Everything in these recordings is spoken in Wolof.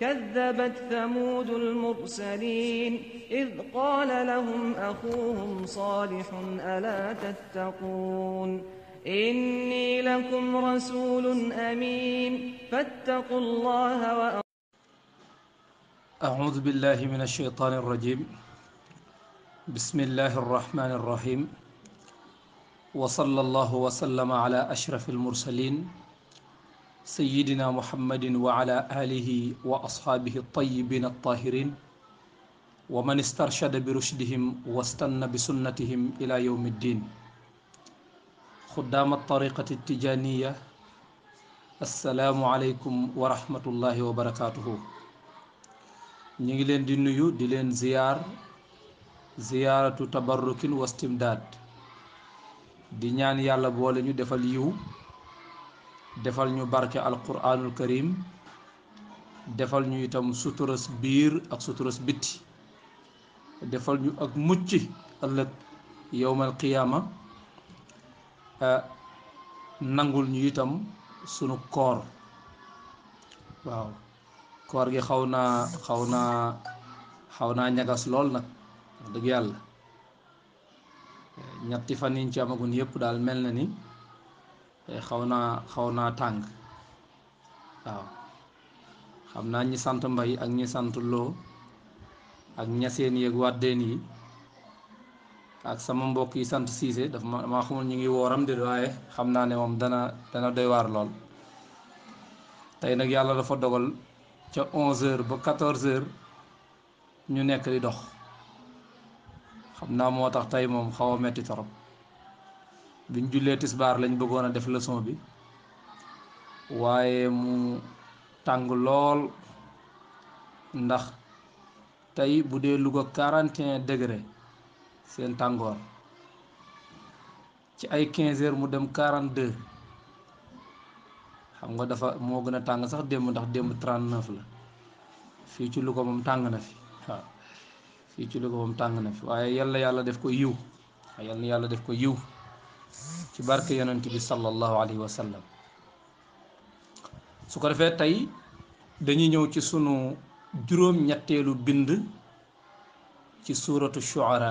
كذبت ثمود المرسلين إذ قال لهم أخوهم صالح ألا تتقون إني لكم رسول أمين فاتقوا الله وأ... أعوذ بالله من الشيطان الرجيم بسم الله الرحمن الرحيم وصلى الله وسلم على أشرف المرسلين سيدنا محمد وعلى آله وأصحابه الطيبين الطاهرين ومن استرشد برشدهم واستنى بسنتهم إلى يوم الدين خدام الطريقة التجانية السلام عليكم ورحمة الله وبركاته نيجلين دي نيو دي زيار زيارة تبرك واستمداد di ñaan yàlla boole ñu defal yiw defal ñu barke alquranul karim defal ñu itam suturas biir ak suturas bitti defal ñu ak mucc ëllëg yowmal qiyaama eh, nangul ñu itam sunu koor waaw koor gi xaw naa xaw naa xaw naa ñagas lool nag dëgg yàlla eh, ñetti fan yiñ ci amagun yëpp daal mel na ni Eh, xaw naa xaw naa tàng waaw xam naa ñi sant mbay ak ñi sant loo ak ñaseen yi ak wàddeen yi ak sama mbokk yi sant siise dafa ma maa xamul ñu ngi wooram de waaye xam naa ne moom dana dana doy waar lool tey nag yàlla dafa dogal ca onze heures ba quatorze heures ñu nekk di dox xam naa moo tax tey moom xaw metti torop biñ jullee tisbaar lañ bëggoon a def leçon bi waaye mu tàng lool ndax tey bu dee Louga 41 degré seen tàngoor ci ay 15 heures mu dem 42 xam nga dafa moo gën a tàng sax démb ndax démb 39 la fii ci Louga moom tàng na fi fii ci Louga moom tàng na fi waaye yàlla yàlla def ko yiw yàlla yàlla def ko yiw. ci barke yonent bi sallallahu alayhi wa sallam su ko defee tey dañuy ñëw ci sunu juróom ñetteelu bind ci suuratu shuara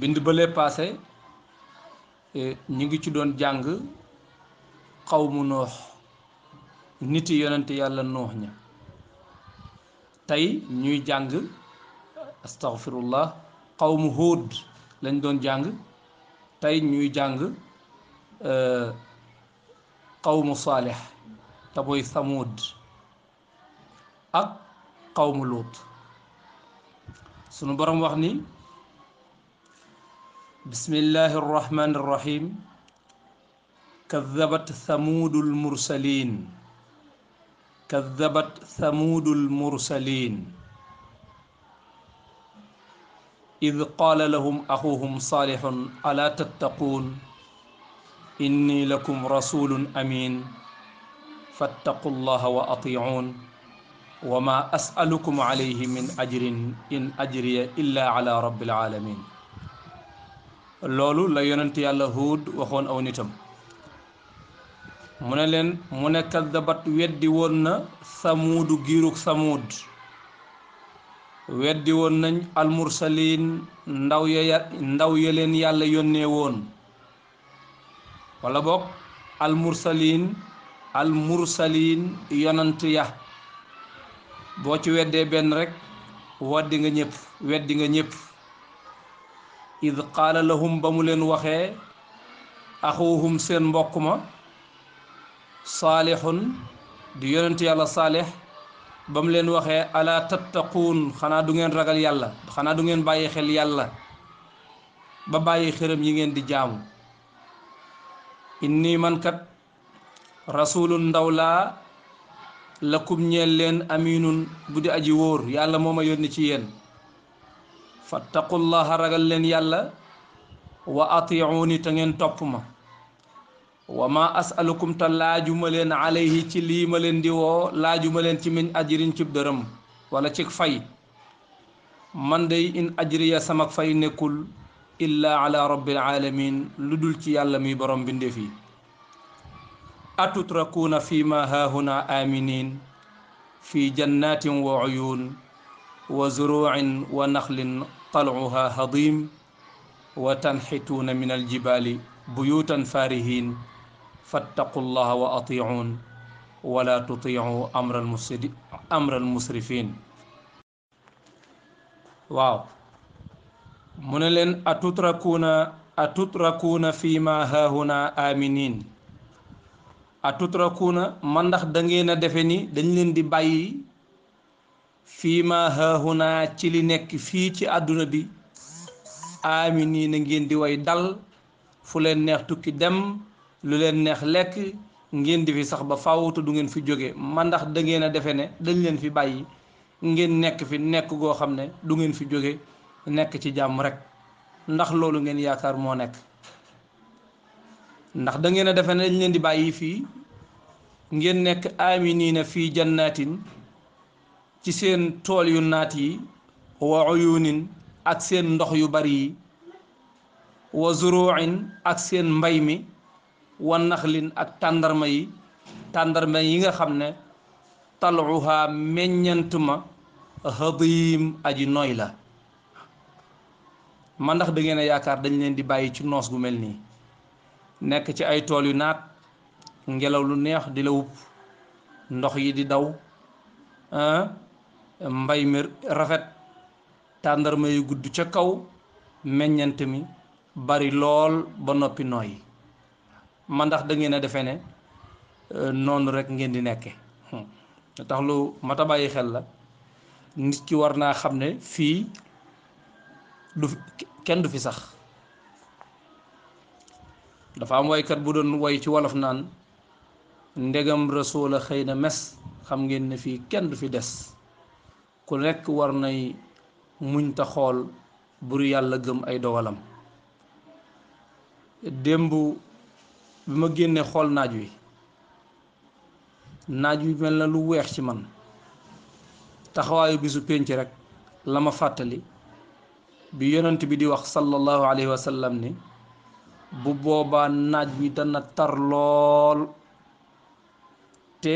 bind ba lee paase ñu ngi ci doon jàng xaw mu noox niti yonent yàlla noox ña tey ñuy jàng astaghfirullah xawmu hóod lañ doon jàng tey ñuy jàng qawmu saalix te mooy samud ak qawmu luut sunu borom wax ni بسم الله الرحمن الرحيم كذبت ثمود المرسلين كذبت ثمود المرسلين إذ قال لهم أخوهم صالح ألا تتقون إني لكم رسول أمين فاتقوا الله وأطيعون وما أسألكم عليه من أجر إن أجري إلا على رب العالمين لولو لا yonent yàlla هود وخون أو نتم mu ne leen mu ne ثمود weddi woon nañ almursaliin ndaw ya ndaw ya leen yàlla yónnee woon wala bokk almursaliin almursaliin yonant ya boo ci weddee benn rekk waddi nga weddi nga ñépp id qaala ba mu leen waxee axuuhum seen mbokk ma saalixun di yonent yàlla saalix bam leen waxee ala tattaquun xanaa du ngeen ragal yàlla xanaa du ngeen bàyyi xel yàlla ba bàyyi xërëm yi ngeen di jaamu inni man kat rasulun ndaw laa lakum ñeel leen aminun bu di aji wóor yàlla moo ma yónni ci yéen fattaqullaha ragal leen yàlla wa atiuni te ngeen topp ma وما أسألكم تلاج ملين عليه تلي و ديو لاج ملين تمن أجرين تبدرم ولا تك فاي من دي إن أجري سمك فاي نكل إلا على رب العالمين لدول تي اللمي برم بندفي أتتركون فيما ها هنا آمنين في جنات وعيون وزروع ونخل طلعها هضيم وتنحتون من الجبال بيوتا فارهين فاتقوا الله وأطيعون ولا تطيعوا أمر المفسد أمر المسرفين واو من لن أتتركون أتتركون فيما هاهنا آمنين atutrakuna man ndax da ngeen a defe ni dañ leen di bàyyi fii ma haahuna ci li nekk fii ci àdduna bi aami nii na ngeen di way dal fu leen neex tukki dem lu leen neex lekk ngeen di fi sax ba faaw te du ngeen fi jóge mandax ndax da ngeen a defe ne dañ leen fi bàyyi ngeen nekk fi nekk goo xam ne du ngeen fi jóge nekk ci jàmm rek ndax loolu ngeen yaakaar moo nekk ndax da ngeen a defe ne leen di bàyyi fii ngeen nekk aminiina fii jannatin ci seen tool yu naat yi wa uyunin ak seen ndox yu bari yi wa zuruin ak seen mbay mi wan naxlin ak tàndarma yi tàndarma yi nga xam ne taluha ma hadim aji nooy la mandax ndax da ngeen yaakaar dañ leen di bàyyi ci noos gu mel nii nekk ci ay tool yu naat ngelaw lu neex di la wupp ndox yi di daw ah, mbay mi rafet tàndarma yu gudd ca kaw meññant mi bari lool ba noppi nooy man ndax da ngeen a defee ne euh, noonu rekk ngeen di nekke hmm. tax lu mat bàyyi xel la nit ki war naa xam ne fii du kenn du fi sax dafa am waykat bu doon woy ci wolof naan ndegam rasul a xëy na mes xam ngeen ne fii kenn du fi des ku nekk war nay muñ ta xool buru yàlla gëm ay dogalam démb bi ma génnee xool naaj wi naaj wi mel na lu weex ci man taxawaayu bisu pénc rek la ma fàttali bi yonent bi di wax sallallahu alayhi wa sallam ni bu boobaa naaj wi dana tar lool te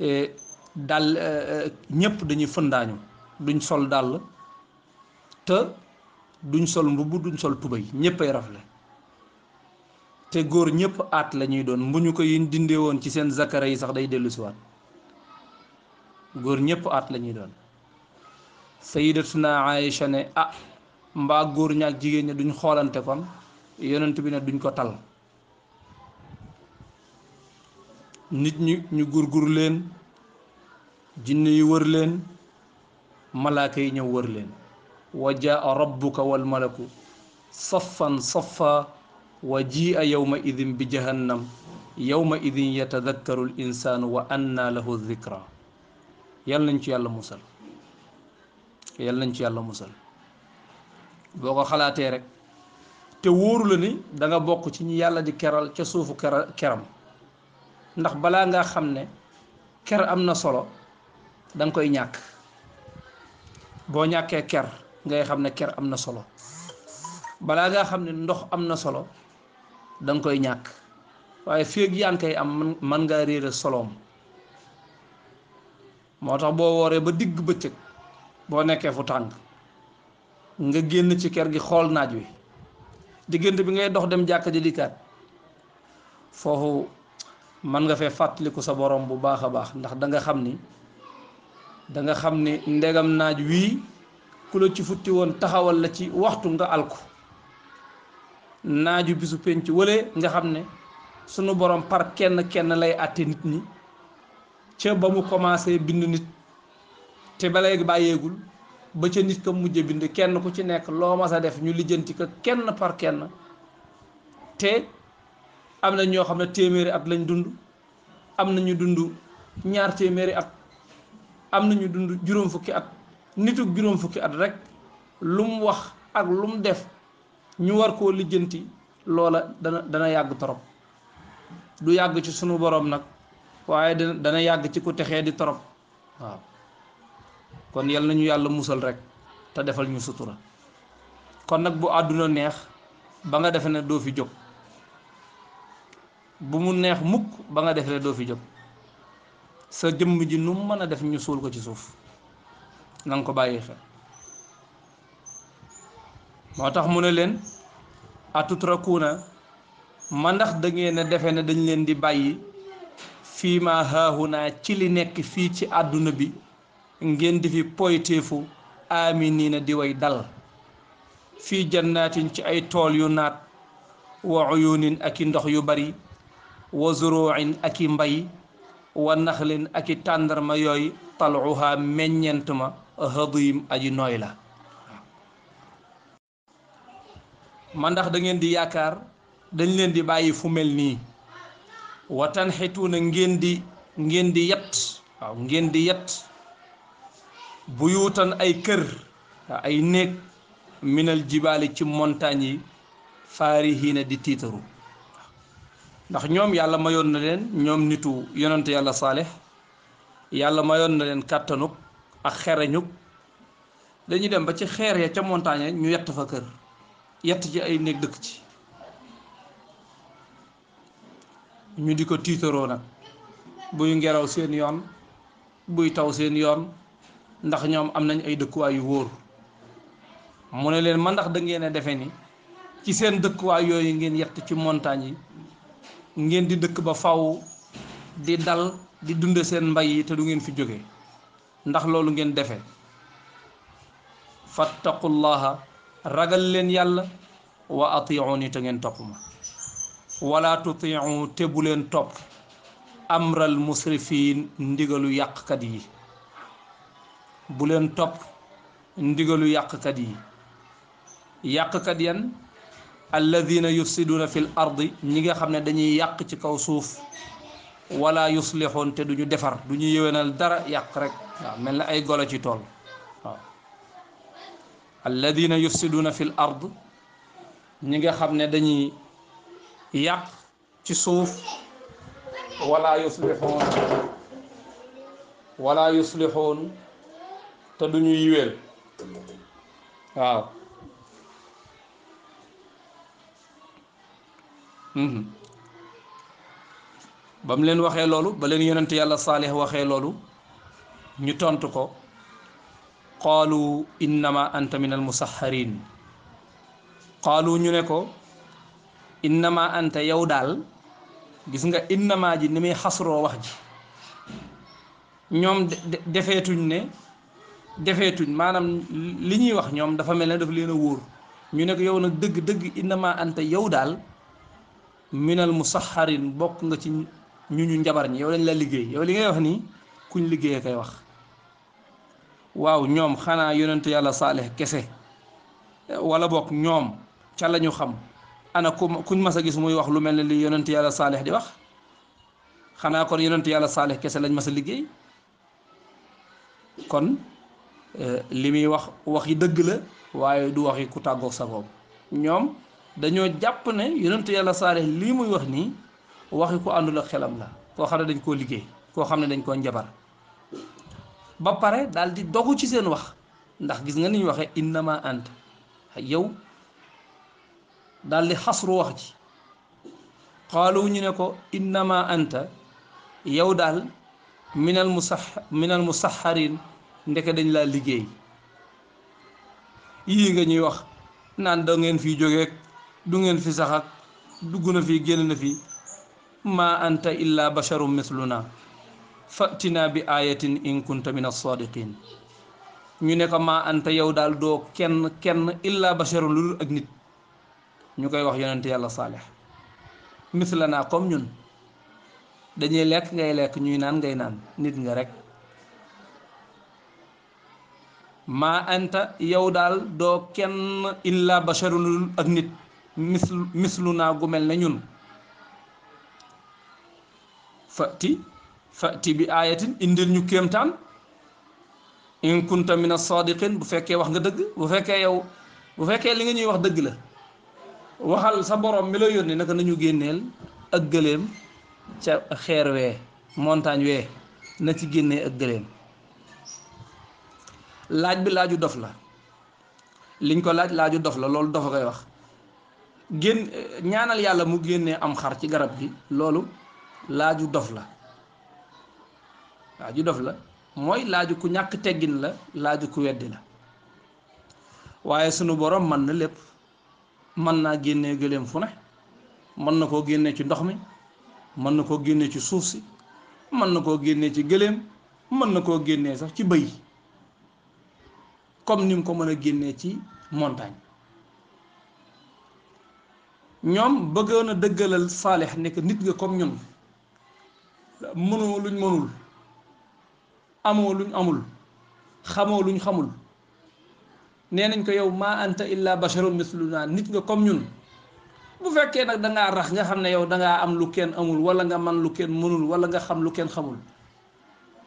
e, dal e, e, ñépp dañuy fëndaañu duñ sol dàll te duñ sol mbubb duñ sol tubéy ñéppay rafle te góor ñëpp aat la ñuy doon mbuñu ko yin dindee woon ci seen zakara yi sax day dellu si waat góor ñëpp aat la ñuy doon sayidatuna Aïcha ne ah mbaa góor ñaak jigéen ña duñ xoolante kon yonent bi ne duñ ko tal nit ñi ñu gurgur leen jinne yi wër leen malaaka yi ñëw wër leen wa jaa rabbuka wal malaku saffan saffa wa jii a yowma idin bi jahannam yowma idin yatadakkaru l insaanu wa anna lahu dikra yal nañ ci yàlla musal yal nañ ci yàlla musal boo ko xalaatee rek te wóoru la ni da nga bokk ci ñi yàlla di keral ca suufu kera keram ndax balaa nga xam ne ker am na solo danga koy ñàkk boo ñàkkee ker ngay xam ne ker am na solo balaa nga xam ne ndox am na solo danga koy ñàkk waaye fii ak yaa ngi koy am man ngaa réere soloom moo tax boo wooree ba digg bëccëg boo nekkee fu tàng nga génn ci kër gi xool naaj wi diggante bi ngay dox dem jàkka ji dikkaat foofu man nga fee fàttaliku sa borom bu baax a baax ndax danga xam ni danga xam ni ndegam naaj wii ku la ci futti woon taxawal la ci waxtu nga alku naaju bisu penc wële nga xam ne sunu borom par kenn kenn lay àtte nit ñi ca ba mu commencé bind nit te ba léegi bàyyeegul ba ca nit ka mujj bind kenn ku ci nekk loo mas a def ñu lijjanti ko kenn par kenn te am na ñoo xam ne téeméeri at lañ dund am na ñu dund ñaar téeméeri at am na ñu dund juróom fukki at nituk juróom fukki at rek lu mu wax ak lu mu def. ñu war koo lijjanti loola dana dana yàgg torop du yàgg ci sunu boroom nag waaye dana dana yàgg ci ku texee di torop waaw kon yal nañu yàlla musal rek te defal ñu sutura kon nag bu àdduna neex ba nga defe ne doo fi jóg bu mu neex mukk ba nga defe ne doo fi jóg sa jëmm ji nu mën a def ñu suul ko ci suuf nanga ko bàyyi xel moo tax mu ne leen atutrakuuna ma ndax da defe ne dañ leen di bàyyi fii ma haahunaa ci li nekk fii ci àdduna bi ngeen di fi poyteefu aaminiina di way dal fii jannaatin ci ay tool yu naat wa uyunin ak i ndox yu bari wa zuruuin ak i mbay wa naxlin ak i tàndarma yooyu taluhaa meññent ma hadiim aji nooy la man ndax dangeen di yaakaar dañ leen di bàyyi fu mel nii wa tanxituuna ngeen di ngeen di yet waaw ngeen di bu buyuutan ay kër ay néeg minal jibaali ci montagne yi faarihiina di tiitaru ndax ñoom yàlla mayoon na leen ñoom nitu yonante yàlla saalix yàlla mayoon na leen kàttanuk ak xereñuk dañuy dem ba ci xeer ya ca montagne ñu yett fa kër yett ci ay nek dëkk ci ñu di ko tiitaroo nag buy ngeraw seen yoon buy taw seen yoon ndax ñoom am nañ ay dëkkuwaay yu wóor mu ne leen man ndax da ngeen a defe ni ci seen dëkkuwaay yooyu ngeen yett ci montagne yi ngeen di dëkk ba faw di dal di dund seen mbay yi te du ngeen fi jóge ndax loolu ngeen defe fattaqullaha ragal leen yàlla wa atiuni te ngeen topp ma wala tutiu te bu leen topp amral musrifin ndigalu yàqkat yi bu leen topp ndigalu yàqkat yi yàqkat yan alladina yufsiduna fil ardi ñi nga xam ne dañuy yàq ci kaw suuf wala yuslixoon te duñu defar du duñu yéwénal dara yàq rek waaw mel na ay golo ci tool الذين يفسدون في الأرض نيغا خامني داني ياق تي سوف ولا يصلحون ولا يصلحون تا دونو يويل واو هم بام لين واخه لولو با لين يونت يالا صالح واخه لولو ني تونت كو qaalu innama anta min almusaxarin qaalu ñu ne ko innama anta yow daal gis nga innama ji ni muy xasroo wax ji ñoom defeetuñ ne defeetuñ maanaam li ñuy wax ñoom dafa mel ne daf leen a wóor ñu ne ko yow nag dëgg dëgg innama anta yow daal minal musaxarin bokk nga ci ñu ñu njabar ñi yow lañ lay liggéey yow li ngay wax nii kuñ liggéey kay wax waaw ñoom xanaa yonentu yàlla saalih kese wala bokk ñoom ca la ñu xam ana ku kuñ mas a gis muy wax lu mel ne li yonentu yàlla saalih di wax xanaa kon yonentu yàlla saalih kese lañ mas a liggéey kon eh, li muy wax wax yi dëgg la waaye du waxi ku sa sagoom ñoom dañoo jàpp ne yonentu yàlla saalih lii muy wax nii waxi ku àndul ak xelam la koo xam ne dañ koo liggéey koo xam ne dañ koo njabar ba pare daal di dogu ci seen wax ndax gis nga ni waxe waxee innama ant yow daal di xasru wax ci qalu ñu ne ko innama anta yow dal min al musah min al musahharin ndeke dañ la liggey yi nga ñuy wax naan do ngeen fi joge du ngeen fi saxat duguna fi génn na fi ma anta illa basharun misluna fatina bi ayatin in kunta min as-sadiqin ñu ne ko maa anta yow daal doo kenn kenn illa basharun lu ak nit ñu koy wax yonent yàlla saalix mislanaa kom ñun dañuy lekk ngay lekk ñuy naan ngay naan nit nga rek maa anta yow daal doo kenn illa basharun lu dul ak nit mislu mislu naa gu mel ne ñun fati fati bi ayatin indil ñu kéemtaan in kunta min as-sadiqin bu fekkee wax nga dëgg bu fekkee yow bu fekkee li nga ñuy wax dëgg la waxal sa borom mi la yónni naka nañu génneel ak gëléem ca xeer wee montagne wee na ci génnee ak gëléem laaj bi laaju dof la liñ ko laaj laaju dof la loolu dofa koy wax génn ñaanal yàlla mu génnee am xar ci garab gi loolu laaju dof la waa ju dof la mooy laaju ku ñàkk teggin la laaju ku weddi la waaye sunu borom man na lépp mën naa génnee gëléem fu ne mën na koo génne ci ndox mi mën na koo génne ci suuf si mën na koo génnee ci gëléem mën na koo génnee sax ci bëy comme ni mu ko mën a génnee ci montagne ñoom bëggoon a dëggalal saalix nekk nit nga comme ñun mënoo luñ amoo luñ amul xamoo luñ xamul nee nañ ko yow ma anta illa basharun misluna nit nga comme ñun bu fekkee nag da ngaa rax nga xam ne yow da ngaa am lu kenn amul wala nga man lu kenn mënul wala nga xam lu kenn xamul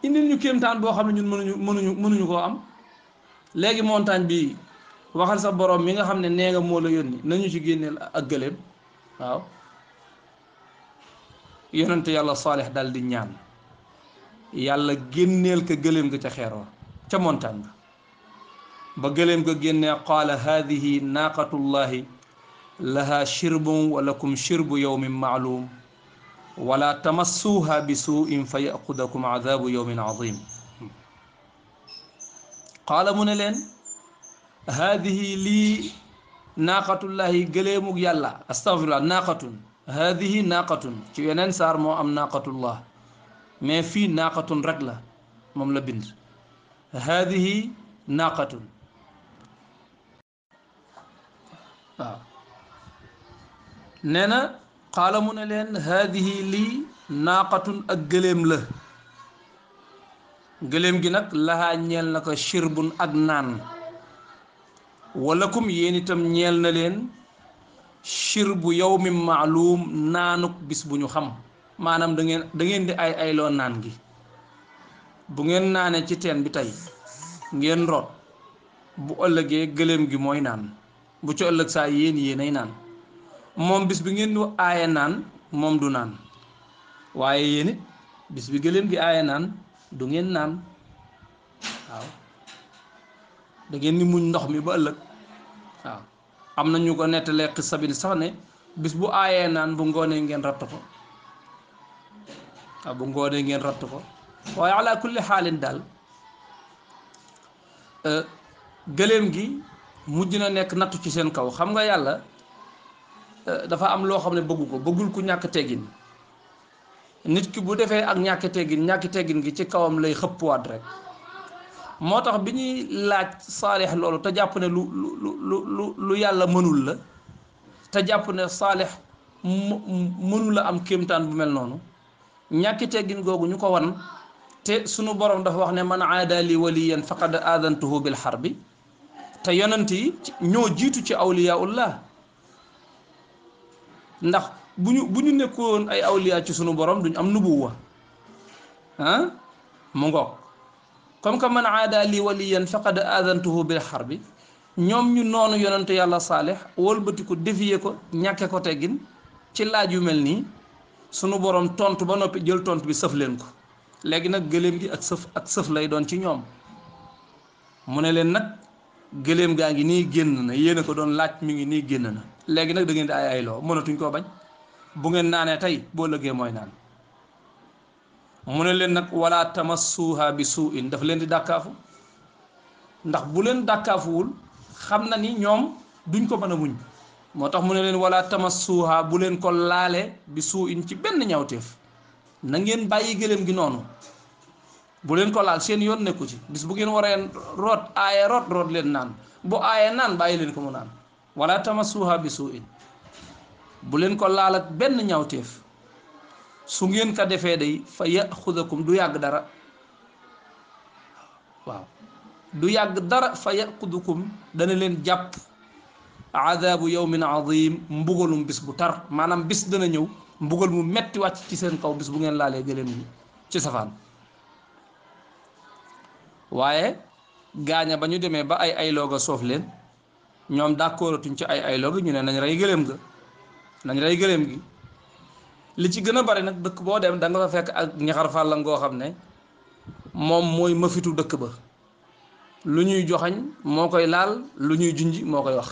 indil ñu kéemtaan boo xam ne ñun mënuñu mënuñu mënuñu koo am léegi montagne bi waxal sa borom mi nga xam ne nee nga moo la yónni nañu ci génneel ak gëléem waaw yonente yàlla saalix daal di ñaan yàlla gennel ka gellem ga ca xero wa ca montagne ba ba gellem ga genné qala hadhihi naqatullah laha shirbun wa lakum shirbu yawmin ma'lum wa la tamassuha bisu'in suin fa yaqudakum adabu yawmin azim qala munelen hadhihi li naqatullah gellemuk yàlla astaghfirullah naqatun هذه ناقة كي yeneen أرمو أم ناقة الله mais fii naaqatun rek la moom la bind haadihi naaqatun waaw nee na mu ne leen haadihi lii naaqatun ak gëléem la gëléem gi nag lahaa ñeel na ko shirbun ak naan walakum yéen itam ñeel na leen shirbu yawmin maalum naanuk bis bu ñu xam maanaam da dangeen di ay ayloo naan gi bu ngeen naanee ci teen bi tey ngeen root bu ëllëgee gëléem gi mooy naan bu ci ëllëg saa yéen yéenay naan moom bis bi ngeen di aaye naan moom du naan waaye yéen bis bi gëléem gi aaye naan du ngeen naan waaw da ngeen ni muñ ndox mi ba ëllëg waaw am na ñu ko nettalee xissa bi sax ne bis bu aayee naan bu ngoonee ngeen ratt ko waaw bu ngoonee ngeen rott ko waaye ala kulli xaalin daal euh, gëléem gi mujj na nekk nattu ci seen kaw xam nga yàlla euh, dafa am loo xam ne bëggu ko bëggul ku ñàkk teggin nit ki bu defee ak ñàkk teggin ñàkk teggin gi ci kawam lay xëppwaat rek moo tax bi ñuy laaj saalix loolu te jàpp ne lu lu lu lu lu yàlla mënul la te jàpp ne saalix mënu la am kéemtaan bu mel noonu ñàkki teggin googu ñu ko won te sunu borom dafa wax ne man aada li waliyan faqad aadantuhu bil bi te yonent yi ñoo jiitu ci awliyaullah ndax bu ñu bu ñu nekkoon ay awliya ci sunu borom duñ am nubuwa ah mu ngoog comme que man aada li waliyan faqad aadantuhu bil harbi ñoom ñu noonu yonent yàlla saalix wolbatiku dévier ko ñàkke ko teggin ci laaj yu mel nii sunu borom tontu ba noppi jël tontu bi sëf leen ko léegi nag gëléem gi ak sëf ak sëf lay doon ci ñoom mu ne leen nag gëléem gaa ngi nii génn na yéen a ko doon laaj mu ngi nii génn na léegi nag da ngeen di ay ayloo mënatuñ koo bañ bu ngeen naanee tey boo lëgee mooy naan mu ne leen nag wala tamassuha bi suu in daf leen di dàkkaafu ndax bu leen dàkkaafuwul xam na ni ñoom duñ ko mën a muñ moo tax mu ne leen wala suuxaa bu leen ko laale bi suu in ci benn ñawteef na ngeen bàyyi gëléem gi noonu bu leen ko laal seen yoon nekku ci bis bu ngeen waree root aaye root root leen naan bu aaye naan bàyyi leen ko mu naan wala suuxaa bi suu in bu leen ko laal benn ñawteef su ngeen ko defee day fa yaxudakum du yàgg dara waaw du yàgg dara fa yaxudakum dana leen jàpp adabu yawmin azim mbugalum bis bu tar maanaam bis dana ñëw mbugal mu metti wàcc ci seen kaw bis bu ngeen laalee gëléem yi ci safaan waaye gaaña ba ñu demee ba ay ay looga soof leen ñoom d'accordatuñ ci ay ayloo looga ñu ne nañ rey gëléem ga nañ rey gëléem gi li ci gën a bari nag dëkk boo dem da nga fa fekk ak ñaxar fàlla ngoo xam ne moom mooy mafitu dëkk ba lu ñuy joxañ moo koy laal lu ñuy junj moo koy wax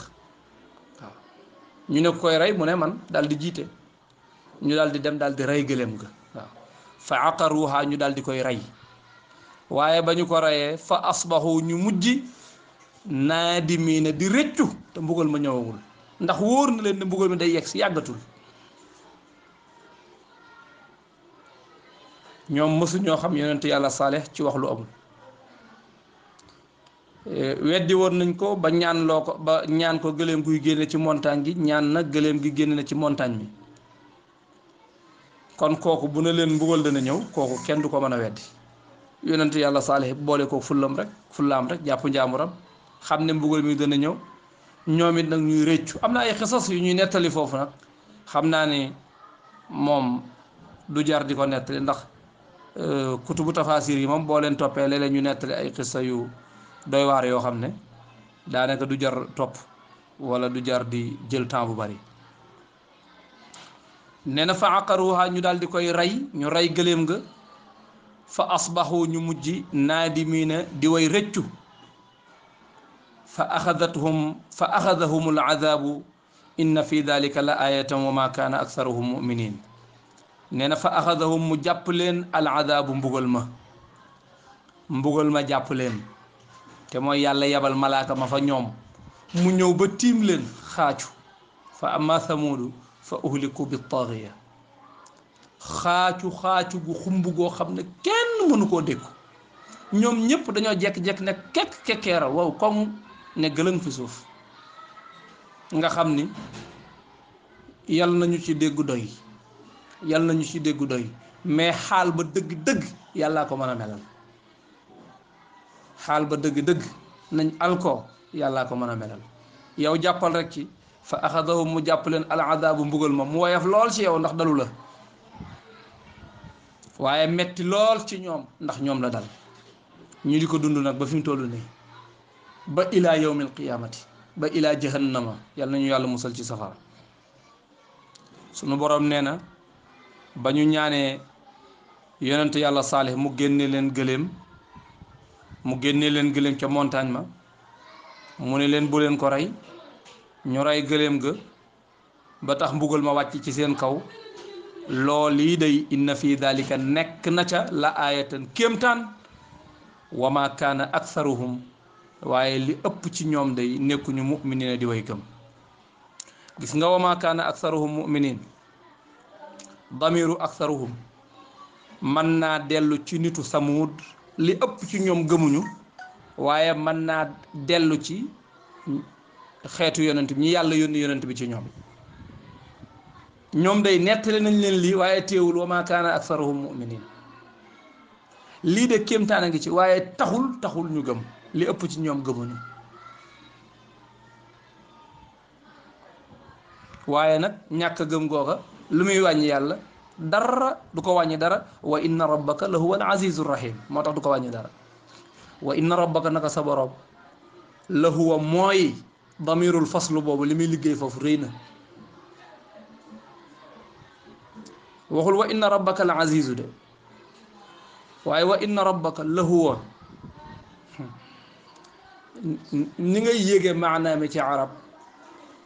ñu ne koy rey mu ne man daal di jiite ñu daldi dem daal di rey gëléem ga waaw fa aqaruha ñu daal di koy rey waaye ba ñu ko reyee fa asbaxu ñu mujj naadimiina di rëccu te mbugal ma ñëwawul ndax wóor na leen ne mbugal mi day yegg si yàggatul ñoom mësu ñoo xam yonent yàlla saaleh ci wax lu amul Eh, weddi woon nañ ko ba ñaan loo ko ba ñaan ko gëléem guy génne ci montagne gi ñaan nag gëléem gi génne na ci montagne bi kon kooku bu ne leen mbugal dana ñëw kooku kenn du ko mën a weddi yonent yàlla saalix boole ko fullam rek fullaam rek jàpp njaamuram xam ne mbugal mi dana ñëw ñoom it nag ñuy rëccu am na ay xisas yu ñuy nettali foofu nag xam naa ni moom du jar di ko nettali ndax eh, bu tafaasir yi moom boo leen toppee léeg-léeg ñu nettali ay xisa doy waar yoo xam ne daanaka du jar topp wala du jar di jël temps bu bari nee na fa aqaruha ñu daal di koy rey ñu rey gëléem nga fa asbaxu ñu mujj naadimiina di way rëccu fa axadathum fa axadahum al azabu inna fi dalika la ayatan wa ma kaana aksaruhum na fa axadahum mu jàpp leen al azabu mbugal ma mbugal ma jàpp leen te mooy yàlla yabal malaaka ma fa ñoom mu ñëw ba tiim leen xaacu fa amma samuudu fa uhliku bi taaxiya xaacu xaacu gu xumb goo xam ne kenn mënu koo dékku ñoom ñëpp dañoo jekk-jekk ne kekk kekkeeral wow koŋ ne gëlëng fi suuf nga xam ni yal nañu ci déggu doy yal nañu ci déggu doy mais xaal ba dëgg-dëgg yàllaa ko mën a melal xaal ba dëgg-dëgg nañ alko yàllaa ko mën a melal yow jàppal rek ci fa axadahu mu jàpp leen al adaabu mbugal ma mu woyof lool ci yow ndax dalu la waaye metti lool ci ñoom ndax ñoom la dal ñu di ko dund nag ba fi mu toll nii ba ilaa yawmil qiyaamati ba ilaa jahannama yàlla nañu yàlla musal ci safara sunu borom nee na ba ñu ñaanee yonent yàlla saalih mu génne leen gëléem mu génne leen gëléem ca montagne ma mu ni leen bu ko rey ñu rey gëléem ga ba tax mbugal ma wàcc ci seen kaw lool yi day inna fi dalika nekk na ca la aayatan kéemtaan wa ak kaana aktharuhum waaye li ëpp ci ñoom day nekkuñu muminina di way gëm gis nga wa ak kaana aktharuhum muminin damiru aktharuhum mën naa dellu ci nitu samuud li ëpp ci ñoom gëmuñu waaye mën naa dellu ci xeetu yonent bi ñi yàlla yónni yonent bi ci ñoom ñoom day nettali nañ leen lii waaye teewul wa maa kaana aksaruhum muminin lii de kéemtaan a ngi ci waaye taxul taxul ñu gëm li ëpp ci ñoom gëmuñu waaye nag ñàkk gëm googa lu muy wàññi yàlla dara du ko wàññi dara wa inna rabbaka la huwa al azizu rahim moo tax du ko wàññi dara wa inna rabbaka sa borom la huwa mooy damirul faslu boobu li muy liggéey foofu rëy na waxul wa inna rabbaka al azizu de la huwa ni ngay yéegee maanaam ci arab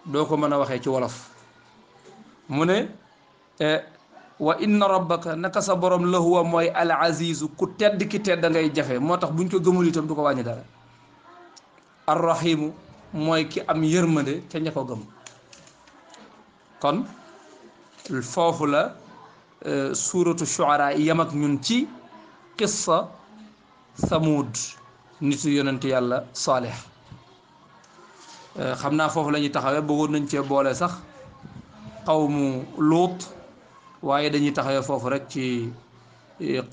doo ko mën a waxee ci wolof mu ne eh, wa inna rabbaka naka sa borom la huwa mooy al azizu ku tedd ki tedd ngay jafe moo tax buñ ko gëmul itam du ko wàññi dara ar rahimu mooy ki am yërmande ca ña ko gëm kon foofu la euh, suuratu shuara yam ak ñun ci qissa samuud nitu yonent yàlla saalih euh, xam naa foofu la ñuy taxawee bëggoon nañ cee boole sax xaw mu luut waye dañuy taxawee fofu rek ci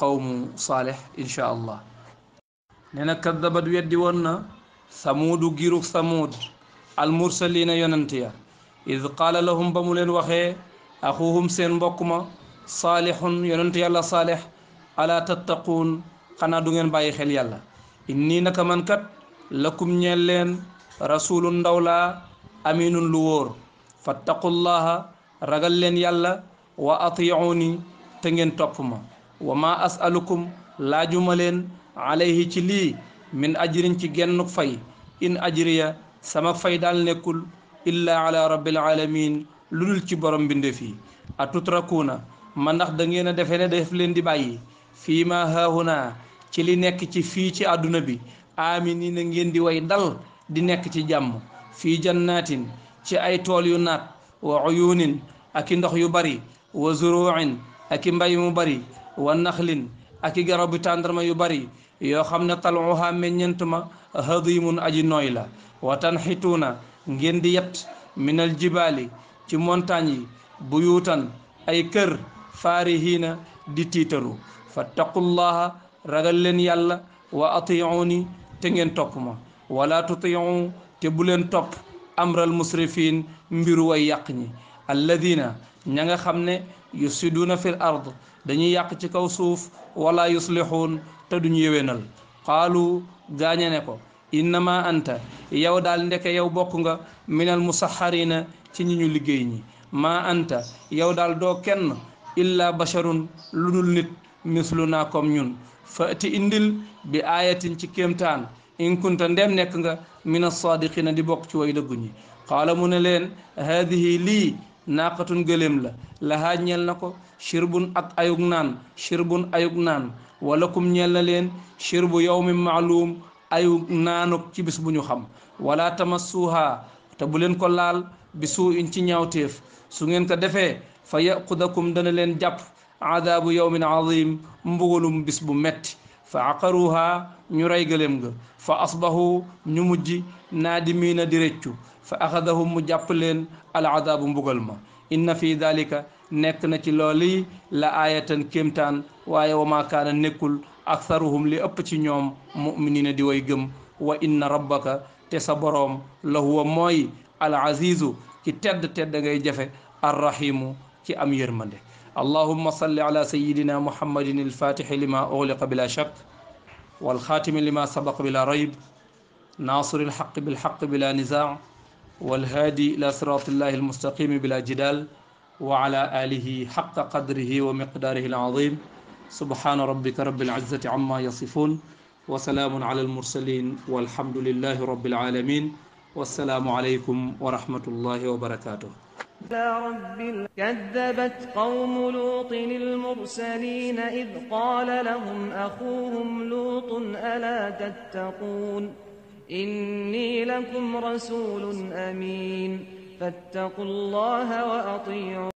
qawm salih insha allah nena na kaddabat weddi wonna samud giru samud al mursalin yonantiya iz qala lahum bamulen waxe akhuhum sen mbokuma seen mbokk ma saalixun yonent yàlla saalix ala tattaquun xanaa du ngeen bàyyi xel yàlla inni naka man kat lakum ñeel leen rasulun ndaw laa aminun lu fattaqullaha ragal leen yàlla wa atiuni te ngeen topp ma wa ma asalukum laajuma leen alayhi ci lii min ajrin ci gennuk fay in ajriya sama fay dal nekkul illa ala rabbil alamin lu dul ci borom mbindeef yi a tutrakuuna ma ndax da ngeen a defe ne def leen di bàyyi fii ma haahuna ci li nekk ci fii ci àdduna bi aamini na ngeen di way dal di nekk ci jàmm fii jannaatin ci ay tool yu naat wa uyunin ak i ndox yu bari wa zuruuin ak i mbay mu bari wa naxlin ak i garabu tàndarma yu bari yoo xam ne taluha meññent ma hadimun aj nooy la wa tanxituuna ngeen di yett min jibaali ci montagne yi buyuutan ay kër faarihiina di tiitaru fattaqullaha ragal leen yàlla wa atiicuuni te ngeen topp ma wala tutiicu te bu leen topp amral musrifin mbiru way yàq ñi alladina ña nga xam ne yufsiduuna fil ard dañuy yàq ci kaw suuf wala yuslixuun te duñu yéwénal qaalu gaañe ne ko innama anta yow daal ndeke yow bokk nga minal musaxarina ci ñi ñu liggéey ñi ma anta yow daal doo kenn illa basharun lu dul nit naa comme ñun fati indil bi ayatin ci kéemtaan in kunta ndem nekk nga min as-saadiqina di bokk ci way dëggu ñi qaala mu leen haadihi lii naaqatun gëléem la lahaa ñeel na ko shirbun ak ayug naan shirbun ayug naan walakum ñeel na leen shirbu yawmin maalum ayug naanuk ci bis bu ñu xam wala tamassuuhaa te bu leen ko laal bi suu in ci ñaawteef su ngeen ko defee fa yaqudakum dana leen jàpp aadaabu yawmin azim mbugalum bis bu metti fa aqaruuhaa ñu rey gëléem ga fa asbahu ñu mujj نادمين ديرتشو فأخذهم جابلين العذاب مبغلما إن في ذلك نكنا تلولي لا آية كمتان وآية وما كان نكول أكثرهم لأبتي نيوم مؤمنين ديويقم وإن ربك تصبرهم لهو موي العزيز كي تد تد جفة الرحيم كي أمير منه اللهم صل على سيدنا محمد الفاتح لما أغلق بلا شك والخاتم لما سبق بلا ريب ناصر الحق بالحق بلا نزاع والهادي إلى صراط الله المستقيم بلا جدال وعلى آله حق قدره ومقداره العظيم سبحان ربك رب العزة عما يصفون وسلام على المرسلين والحمد لله رب العالمين والسلام عليكم ورحمة الله وبركاته رب كذبت قوم لوط المرسلين إذ قال لهم أخوهم لوط ألا تتقون إني لكم رسول أمين فاتقوا الله وأطيعون